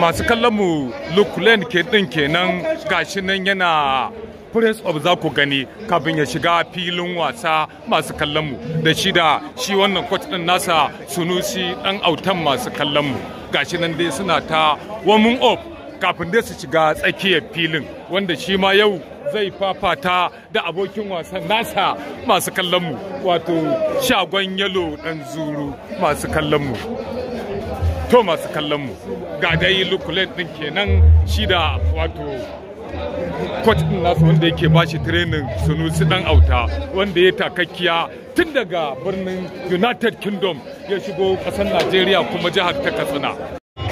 masu kallon mu lukulen ke din kenan gashi nan yana press of za ku gani kafin ya shiga filin wasa masu kallon mu da shi da shi wannan coach din nasa sunusi dan autan masu kallon mu gashi nan dai suna ta woman up kafin dai su shiga tsakiyar filin wanda shi ma yau zai fafata da abokin wasan nasa masu kallon mu wato shagon yalo dan zuru masu kallon mu to masu kallon mu ga dai lukulet din kenan shi da wato coach din nasu wanda yake ba shi training sunusi dan auta wanda ya takakkiya tun daga birnin united kingdom ya shigo kasar najeriya kuma jihar ta katsina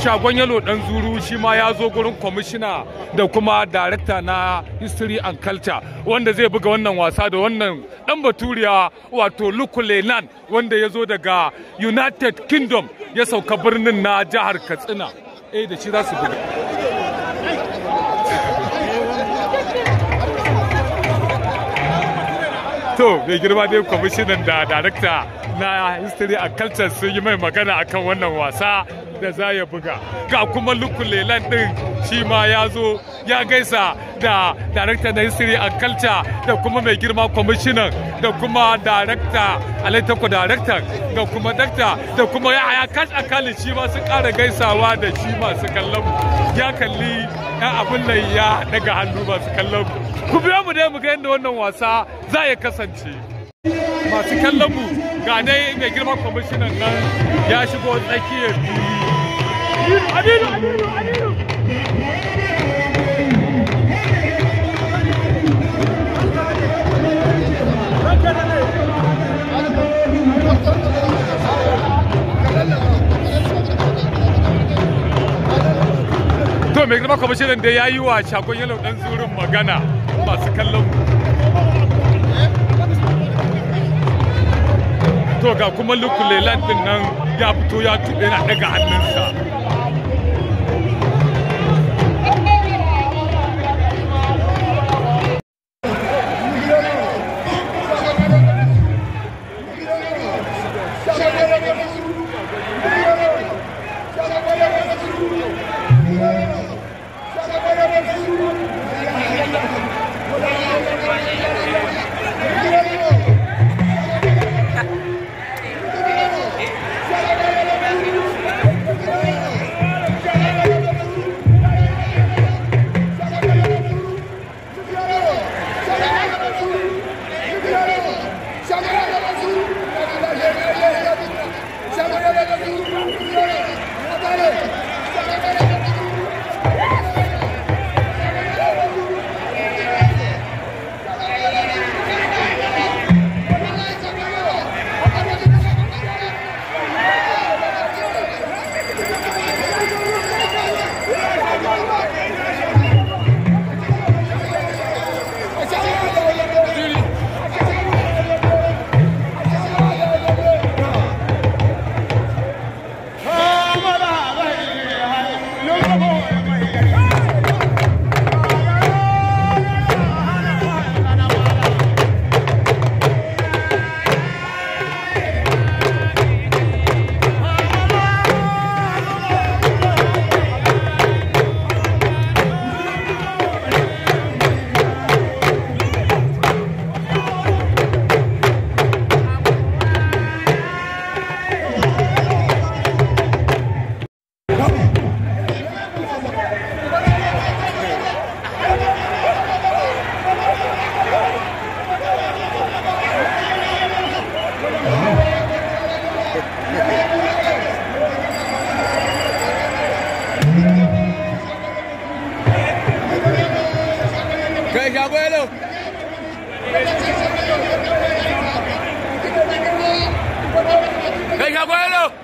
shagon yalo dan zuru shi ma ya zo gurin kwamishina da kuma director na history and culture wanda zai buga wannan wasa da wannan dan baturiya wato lukulenan wanda ya zo daga united kingdom ya sauka birnin na jihar katsina eh da shi za su buga to mai girma dai kwamishinan da director na history and culture sun yi mai magana akan wannan wasa da za ya buga ga kuma lukulelan din shi ma ya zo ya gaisa da director na history and culture da kuma mai girma kwamishinan da kuma darakta alaitako director da kuma dakta da kuma ya ya kash akali shi ma su kara gaisawa da shi masu kallon ya kalli ya abin nan ya daga hannu masu kallon ku biyo mu dai mu ga yadda wannan wasa za ya kasance masu kallon mu ga dai mai girma kwamishinan nan ya shigo tsakiyar fili aminu aminu aminu to mai girma kwamishinan da ya yi wa shagon yalo dan zurin magana masu kallon mu to ga kuma lukule lantin nan ya fito ya tuɓe na daga hannunsa abuelo. Venga, abuelo.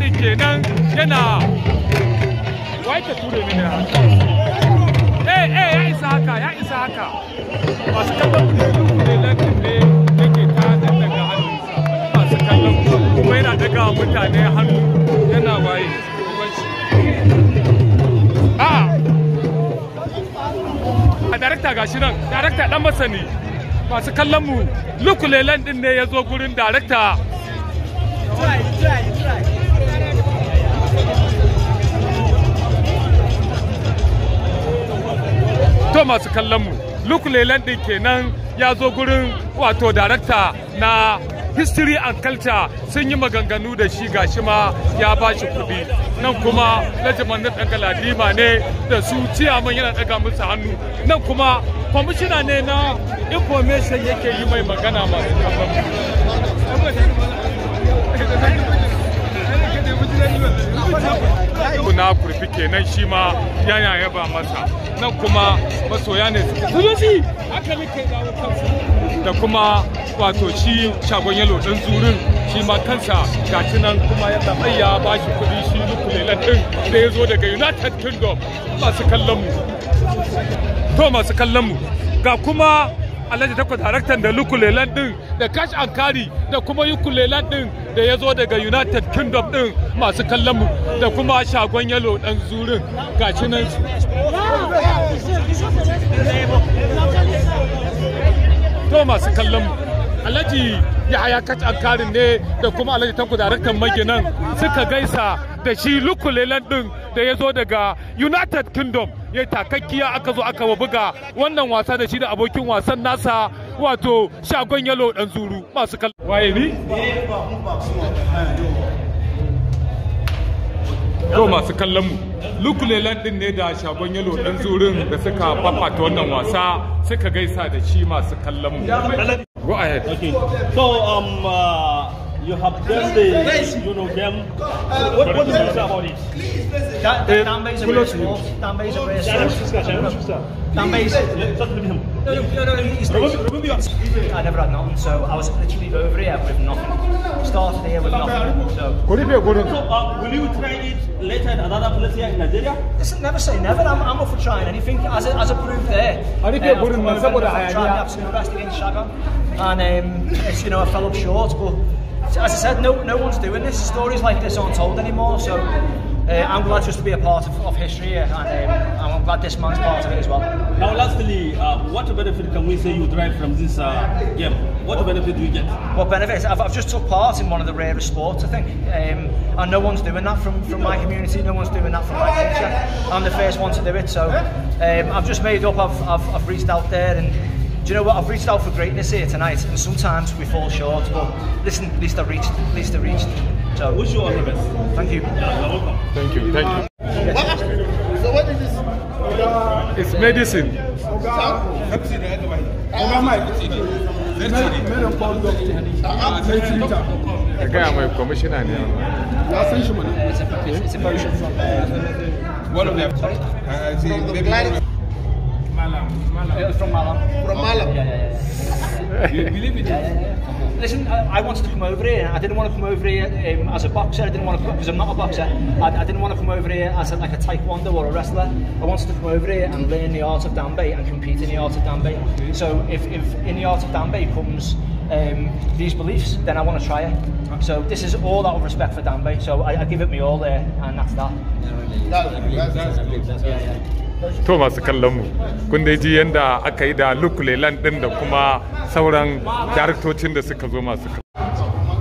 ne kenan yana wai ka ture mini na eh eh ya isa haka ya isa haka masu kallon ku ne ne yake ta daga hannu masu kallon kuma yana daga mutane hannu yana waye a ah! ah, darakta gashi nan darakta dan masani masu kallon mu lukulelan din ne ya zo gurin darakta to masu kallon mu lukulelen din kenan ya zo gurin wato darakta na history and culture sun yi maganganu da shi ga shi ma ya ba shi kuɗi nan kuma lajiman na ɗaga ladima ne da su ciyaman yana ɗaga musu hannu nan kuma kwamishina ne na information yake yi mai magana masu kafa kuna kurfi kenan shi ma yana yaba masa nan kuma masoya ne suke da kuma wato shi shagon yalo dan zurin shi ma kansa ga nan kuma ya tsaye ya ba shi kuɗi shi lukulelan din da ya zo daga united kingdom masu kallon mu to masu kallon mu ga kuma alhaji takwa daraktan da lukulelan din da cash and carry da kuma yukulelan din da ya zo daga united kingdom din masu kallon mu da kuma shagon yalo dan zurin gashi nan to masu kallon mu alhaji cash and carry ne da kuma alhaji tanku daraktan maginan suka gaisa da shi lukulelan din da ya zo daga united kingdom ya takakkiya aka zo aka buga wannan wasa da shi da abokin wasan nasa wato shagon yalo dan zuru masu kal waye ni to masu kallon mu lukulelan din ne da shagon yalo dan zurin da suka fafata wannan wasa suka gaisa da shi masu kallon mu go ahead okay so um uh, you have done the uh, you know game what, what do you say about it Eh, Só oh, I was literally over here with nothing. Started here with nothing. So. Could it be a good one? Uh, will you try it later at another place here in Nigeria? Listen, never say never. I'm, I'm up for trying anything. As I, as I proved there. And if you a good in I had. Tried the absolute best against Shagan, and um, it's, you know I fell up short, but. As I said, no, no one's doing this. Stories like this aren't told anymore, so uh, I'm glad just to be a part of, of history here, uh, and um, I'm glad this man's part of it as well. Now, lastly, uh, what benefit can we say you derive from this uh, game? What benefit do you get? What benefit? I've, I've, just took part in one of the rarest sports, I think, um, and no one's doing that from, from my community. No one's doing that from my culture. I'm the first one to do it, so um, I've just made up. I've, I've, I've reached out there and. do you know what? I've reached out for greatness here tonight, and sometimes we fall short. But listen, at least I reached. At least I reached. Ciao. Wish you all the best. Thank you. Thank you. Thank you. So what is this? It's medicine. I got my commissioner now. It's a potion. One of them. Uh, see, maybe Malam. Malam. From Malam. From Malam. Yeah, yeah, yeah. you believe it? Yeah, yeah, yeah listen, I, I, wanted to come over here. I didn't want to come over here um, as a boxer. I didn't want to because I'm not a boxer. I, I, didn't want to come over here as a, like a taekwondo or a wrestler. I wanted to come over here and learn the art of danbei and compete in the art of danbei. So if, if in the art of danbei comes um, these beliefs, then I want to try it. So this is all out of respect for Danbei. So I, I give it me all there, and that's that. Yeah, really. That's, that's, that's, that's, that's, that's, that's, that's, to masu kallon mu kun dai ji yanda aka yi da lukulelan din da kuma sauran daraktocin da suka zo masu kallon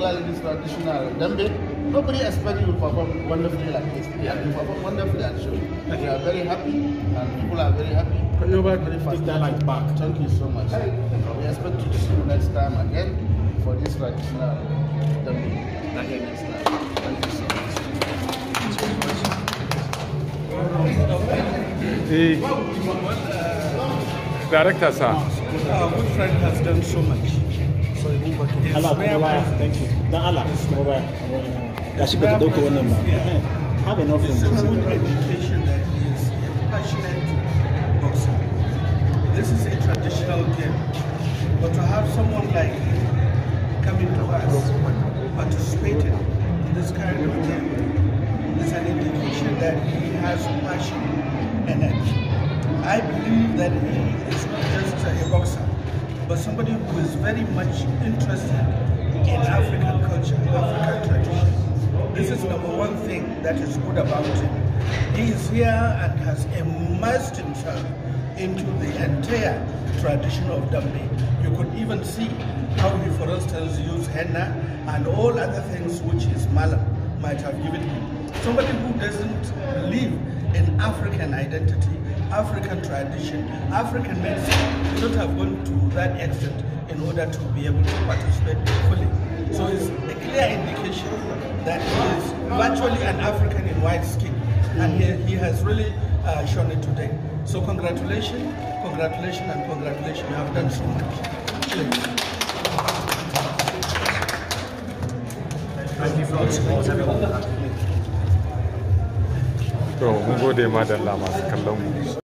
particularly this traditional Dembe, nobody expected you to perform wonderfully like this. Yeah. you perform wonderfully at show. We are very happy and people are very happy. Yoruba very fast. That like back. Thank you so much. We expect to see you next time again for this traditional Dembe. Again Thank you so much. The director, sir. Our good friend has done so much. Allah kuma baya dan Allah kuma baya ga shi baka dauka wannan ba have enough from This is a traditional game, but to have someone like him coming to us, participating in this kind of game, is an indication that he has passion and energy. I believe that he is not just a boxer, but somebody who is very much interested in African culture, African tradition. This is number one thing that is good about him. He is here and has immersed himself into the entire tradition of Dambi. You could even see how he, for instance, used henna and all other things which his mala might have given him. Somebody who doesn't believe in African identity African tradition, African medicine, would not have gone to that extent in order to be able to participate fully. So it's a clear indication that he is virtually an African in white skin. And he, he has really uh, shown it today. So congratulations, congratulations, and congratulations. You have done so much. Cheers. To, mun gode madalla masu kallon mu.